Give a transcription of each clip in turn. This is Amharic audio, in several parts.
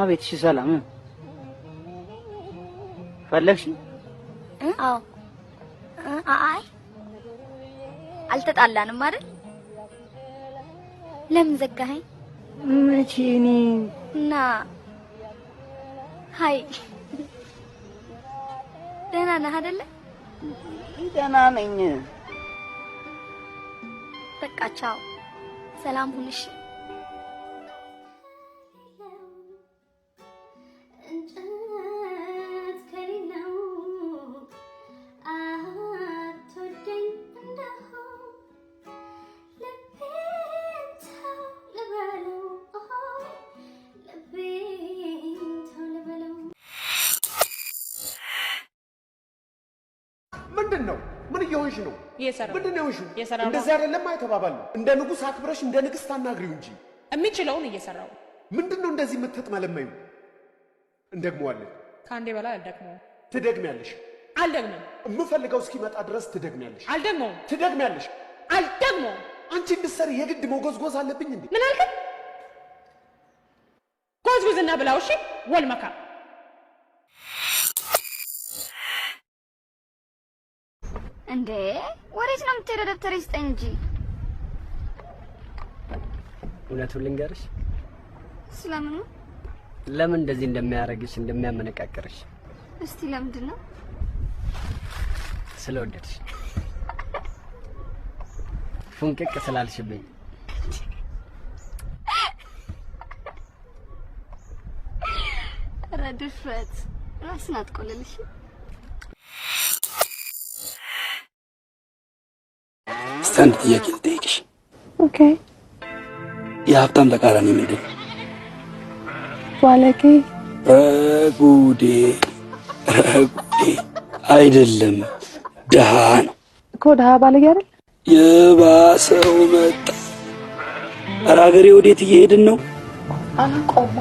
አቤት። እሺ፣ ሰላም ፈለግሽ? አዎ። አይ አልተጣላንም አይደል? ለምን ዘጋኸኝ? መቼ እኔ እና ሀይ፣ ደህና ነህ አይደለ? ደህና ነኝ። በቃ ቻው፣ ሰላም ሁንሽ። ምን እየሆንሽ ነው? ምንድን ነው የሆንሽው? እንደዚህ አይደለም አይተባባል እንደ ንጉሥ አክብረሽ እንደ ንግሥት አናግሪው እንጂ የምችለውን እየሰራው። ምንድን ነው እንደዚህ የምትጥመለመዩ? እንደግመዋለን። ከአንዴ በላይ አልደግመው። ትደግሚያለሽ። አልደግመም። የምፈልገው እስኪመጣ ድረስ ትደግሚያለሽ። አልደግመውም። ትደግሚያለሽ። አልደግመውም። አንቺ እንድትሰሪ የግድ መጎዝጎዝ አለብኝ እንዴ? ምን አልከኝ? ጎዝጉዝና ብላውሽ ወልመካ እንዴ ወዴት ነው የምትሄደው? ደብተር ይስጠኝ እንጂ። እውነቱን ልንገርሽ። ስለምኑ? ለምን እንደዚህ እንደሚያደርግሽ እንደሚያመነቃቅርሽ። እስቲ ለምንድን ነው? ስለወደድሽ ፉንቅቅ ስላልሽብኝ። ኧረ ድፍረት ራስን አትቆልልሽ። እስቲ አንድ ጥያቄ ልጠይቅሽ። ኦኬ። የሀብታም ተቃራኒ ምንድን ነው? ባለጌ። ረጉዴ ጉዴ! አይደለም ድሃ ነው እኮ ድሃ ባለጌ አይደል? የባሰው መጣ። ኧረ ሀገሬ ወዴት እየሄድን ነው? አላቆማ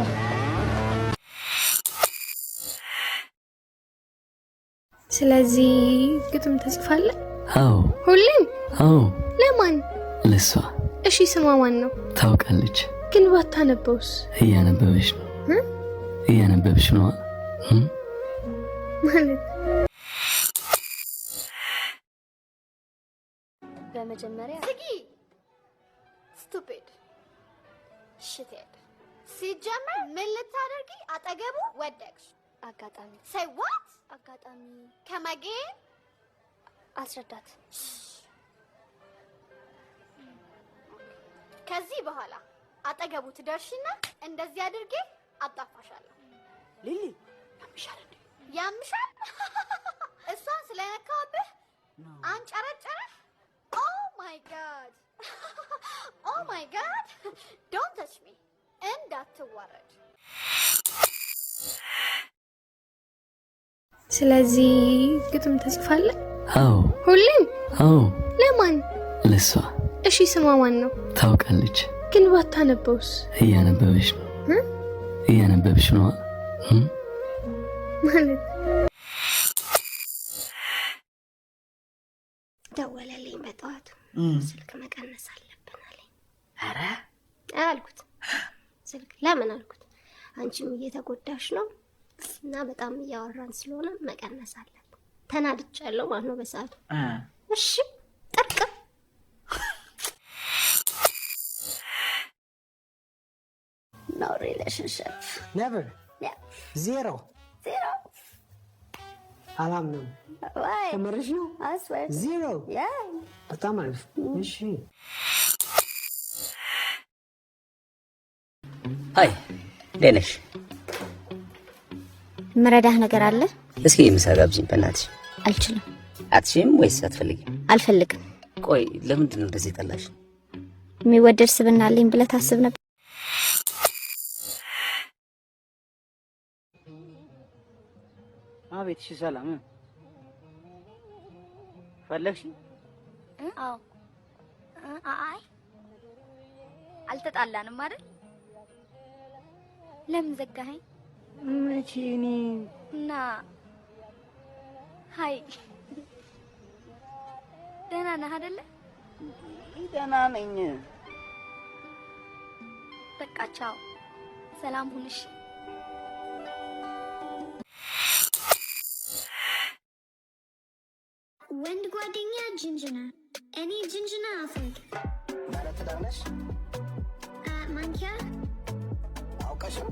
ስለዚህ ግጥም ተጽፋለን። አዎ። ሁሌም? አዎ። ለማን? ለሷ። እሺ፣ ስሟ ማን ነው? ታውቃለች። ግን ባታነበውስ? እያነበበች ነው። እያነበበች ነዋ። ማለት በመጀመሪያ ስጊ ስቱፒድ ሽቴድ ሲጀመር ምን ልታደርጊ አጠገቡ ወደቅሽ? አጋጣሚ ሳይ ዋት አጋጣሚ ከመጌን አስረዳት። ከዚህ በኋላ አጠገቡ ትደርሽና እንደዚህ አድርጌ አጣፋሻለሁ። ሊሊ ያምሻል እንዴ? ያምሻል። እሷን ስለነካብህ አንጨረጨረህ። ኦ ማይ ጋድ፣ ኦ ማይ ጋድ። ዶንት ተች ሚ እንዳትዋረድ። ስለዚህ ግጥም ተጽፋለን። አዎ። ሁሌም? አዎ። ለማን? ለሷ። እሺ፣ ስሟ ማን ነው? ታውቃለች። ግን ባታነበውስ? እያነበበች ነው። እያነበበች ነው ማለት ደወለልኝ በጠዋቱ። ስልክ መቀነስ አለብን አለኝ። ኧረ አልኩት። ስልክ ለምን አልኩት። አንቺም እየተጎዳሽ ነው እና በጣም እያወራን ስለሆነ መቀነስ አለ ተናድቻለሁ ማለት ነው በሰዓቱ። እሺ ጠርቅም ኖ ሪሌሽንሽፕ ነቨር ዜሮ ዜሮ አላምንም። ምርሽ ነው ዜሮ። በጣም አሪፍ እሺ። ሀይ ደህና ነሽ? ምረዳህ ነገር አለ? እስኪ ምሳ ጋብዥኝ በእናትሽ አልችልም። አትሽም ወይስ አትፈልጊም? አልፈልግም። ቆይ ለምንድን ነው እንደዚህ ጠላሽ? የሚወደድ ስብና አለኝ ብለህ ታስብ ነበር? አቤት። እሺ፣ ሰላም ፈለግሽ? አዎ። አይ አልተጣላንም አይደል? ለምን ዘጋኸኝ? መቼ እኔ እና ሀይ ደህና ነህ አይደለ? ደህና ነኝ። በቃ ቻው፣ ሰላም ሁንሽ። ወንድ ጓደኛ ጅንጅና፣ እኔ ጅንጅና አፈወርቅ ማለት። ትዳር ነሽ ማንኪያ አውቀሽም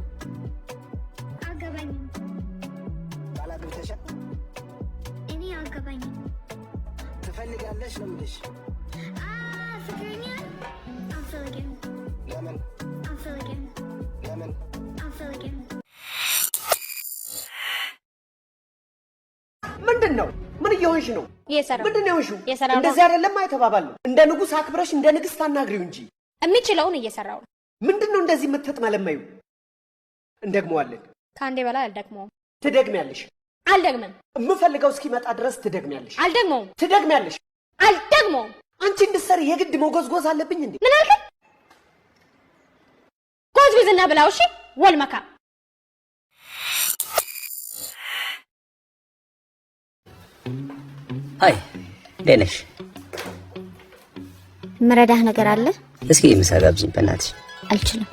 ፍቅረኛሽ ነው የምልሽ። ፍቅረኛ ምንድን ነው? ምን እየሆንሽ ነው? ምንድን ነው የሆንሽው? እንደዚህ አይደለም አይተባባልም። እንደ ንጉሥ አክብረሽ እንደ ንግሥት አናግሪው እንጂ። የሚችለውን እየሰራው ነው። ምንድን ነው እንደዚህ የምትጥመለመዩ? እንደግመዋለን። ከአንዴ በላይ አልደግመውም። ትደግሚያለሽ። አልደግምም። የምፈልገው እስኪመጣ ድረስ ትደግሚያለሽ። አልደግመውም። ትደግሚያለሽ። አልደግሞም። አንቺ እንድትሰሪ የግድ መጎዝጎዝ አለብኝ እንዴ? ምን አልከኝ? ጎዝጉዝና ብላው። እሺ ወልመካ አይ ደህና ነሽ? መረዳህ ነገር አለ። እስኪ ምሳ ጋብዥኝ በእናትሽ። አልችልም።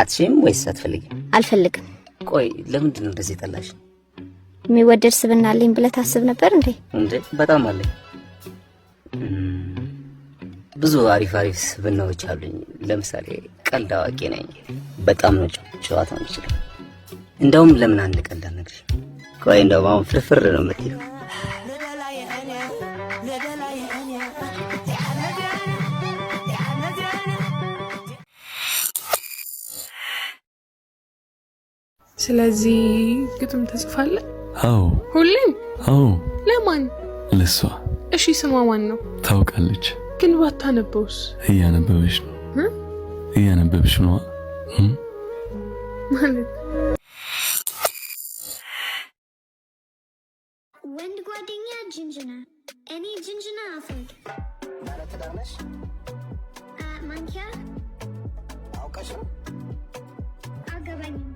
አትሽም ወይስ አትፈልጊም? አልፈልግም። ቆይ ለምንድን ነው እንደዚህ ጠላሽ? የሚወደድ ስብና አለኝ ብለህ ታስብ ነበር እንዴ? እንዴ በጣም አለኝ። ብዙ አሪፍ አሪፍ ስብናዎች አሉኝ። ለምሳሌ ቀልድ አዋቂ ነኝ። በጣም ነው ጨዋታ ምችል። እንደውም ለምን አንድ ቀልድ አልነግርሽም? ቆይ እንደውም አሁን ፍርፍር ነው የምትይው። ስለዚህ ግጥም ተጽፋለ? አዎ። ሁሌም? አዎ። ለማን? ለሷ። እሺ ስሟ ማን ነው? ታውቃለች ግን ባታነበውስ? እያነበበሽ ነው እያነበብሽ ነው ማለት ወንድ ጓደኛ ጅንጅና እኔ ጅንጅና አፈወርቅ ማለት ማንኪያ አውቀሽ ነው አገባኝም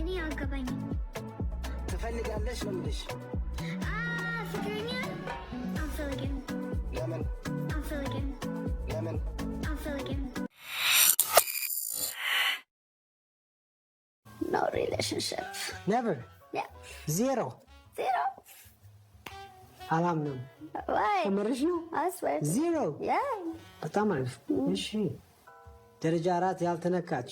እኔ አገባኝም ትፈልጋለሽ ነው የምልሽ ፍቅረኛ No relationship. Never? Yeah. Zero? Zero. አላምንም። ተመረሽ ነው? ዚሮ። በጣም አሪፍ። እሺ። ደረጃ አራት ያልተነካች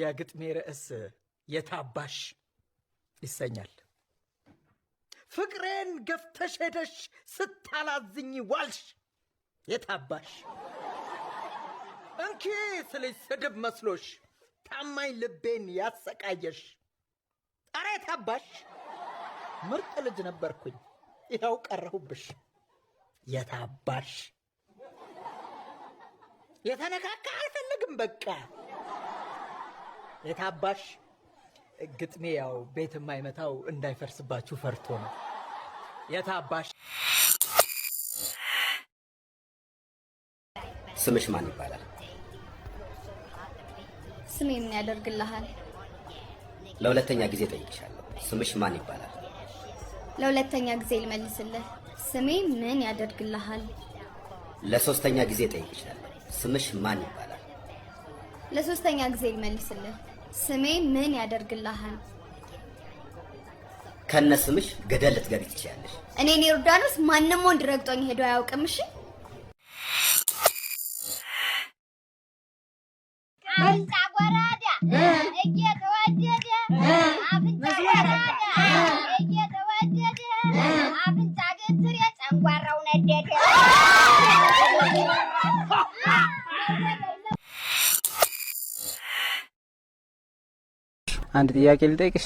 የግጥሜ ርዕስ የታባሽ ይሰኛል። ፍቅሬን ገፍተሽ ሄደሽ ስታላዝኝ ዋልሽ የታባሽ እንኪ ስልሽ ስድብ መስሎሽ ታማኝ ልቤን ያሰቃየሽ ኧረ የታባሽ ምርጥ ልጅ ነበርኩኝ ይኸው ቀረሁብሽ የታባሽ የተነካካ አልፈልግም በቃ የታባሽ ግጥሜ ያው ቤት የማይመታው እንዳይፈርስባችሁ ፈርቶ ነው። የታባሽ ስምሽ ማን ይባላል? ስም የሚያደርግልሃል። ለሁለተኛ ጊዜ ጠይቅሻለሁ። ስምሽ ማን ይባላል? ለሁለተኛ ጊዜ ልመልስልህ። ስሜ ምን ያደርግልሃል? ለሶስተኛ ጊዜ ጠይቅሻለሁ። ስምሽ ማን ይባላል? ለሶስተኛ ጊዜ ልመልስልህ። ስሜ ምን ያደርግልሃል? ከነስምሽ ገደል ልትገቢ ትችያለሽ። እኔን ዮርዳኖስ ማንም ወንድ ረግጦኝ ሄዶ አያውቅም። እሺ ነደደ አንድ ጥያቄ ልጠይቅሽ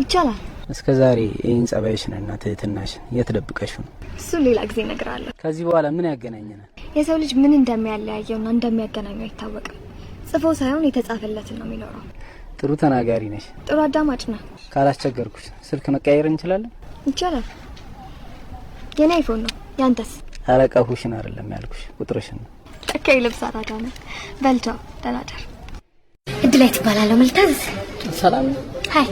ይቻላል? እስከ ዛሬ ይህን ጸባይሽንና ትህትናሽን የት ደብቀሽው ነው? እሱ ሌላ ጊዜ እነግርሃለሁ። ከዚህ በኋላ ምን ያገናኘናል? የሰው ልጅ ምን እንደሚያለያየውና እንደሚያገናኘው አይታወቅም። ጽፎ ሳይሆን የተጻፈለትን ነው የሚኖረው። ጥሩ ተናጋሪ ነሽ። ጥሩ አዳማጭ ነው። ካላስቸገርኩሽ ስልክ መቀየር እንችላለን? ይቻላል። የኔ አይፎን ነው ያንተስ? አረቀሁሽን አይደለም ያልኩሽ ቁጥርሽን ነው። ጠካይ ልብስ አራዳ ነው። በልቻው ደናደር እድላይ ትባላለሁ። መልታዝ ሰላም ሀይ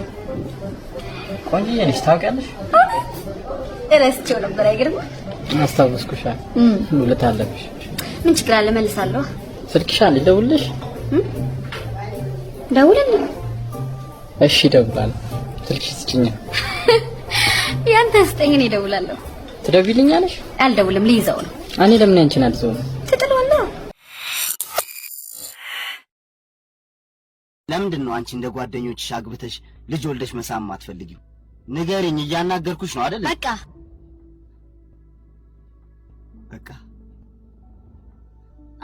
ቆንጆዬ ነሽ ታውቂያለሽ እረስቼው ነበር አይገርም አስታወስኩሽ ውለታ አለብሽ ምን ችግር አለ መልሳለሁ ስልክሽ አለ ደውልልሽ ደውልልኝ እሺ ደውላል ስልክሽ ስጭኝ ያንተ ስጠኝ እኔ እደውላለሁ ትደውይልኛለሽ አልደውልም ልይዘው ነው እኔ ለምን አንቺን አልዘውም ለምንድን ነው አንቺ እንደ ጓደኞችሽ አግብተሽ ልጅ ወልደሽ መሳም አትፈልጊው? ንገሪኝ፣ እያናገርኩሽ ነው አይደል? በቃ በቃ።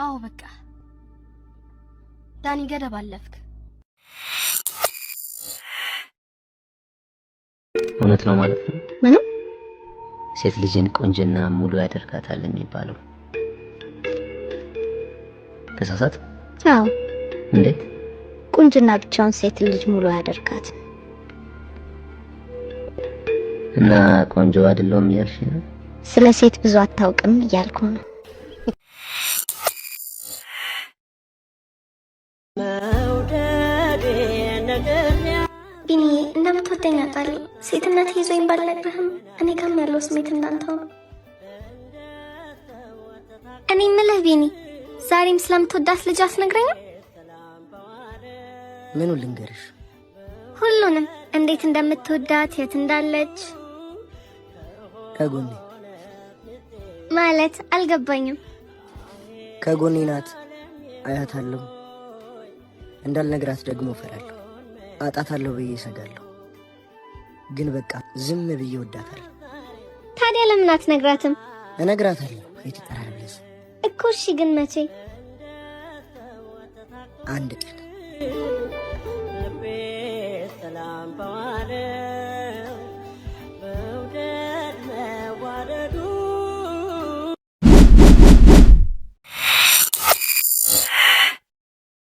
አዎ በቃ። ዳኒ ገደብ አለፍክ። እውነት ነው ማለት ነው። ምንም ሴት ልጅን ቆንጅና ሙሉ ያደርጋታል የሚባለው ከሳሳት? አዎ። እንዴት ቁንጅና ብቻውን ሴት ልጅ ሙሉ ያደርጋት እና ቆንጆ አይደለም እያልሽ ነው? ስለ ሴት ብዙ አታውቅም እያልኩ ነው። ቢኒ እንደምትወደኝ አውቃለሁ። ሴትነት ይዞ ባልነግርህም እኔ ጋም ያለው ስሜት እንዳንተው ነው። እኔ የምልህ ቢኒ ዛሬም ስለምትወዳት ልጅ አትነግረኝም? ምኑ ልንገርሽ? ሁሉንም እንዴት እንደምትወዳት የት እንዳለች ከጎኔ ማለት አልገባኝም። ከጎኔ ናት፣ አያታለሁ። እንዳልነግራት ደግሞ እፈራለሁ፣ አጣታለሁ ብዬ እሰጋለሁ። ግን በቃ ዝም ብዬ ወዳታል? ታዲያ ለምን አትነግራትም? እነግራታለሁ። የት ይቀራል ብለሽ እኮ። እሺ ግን መቼ? አንድ ቀን ልቤ ሰላም በዋለ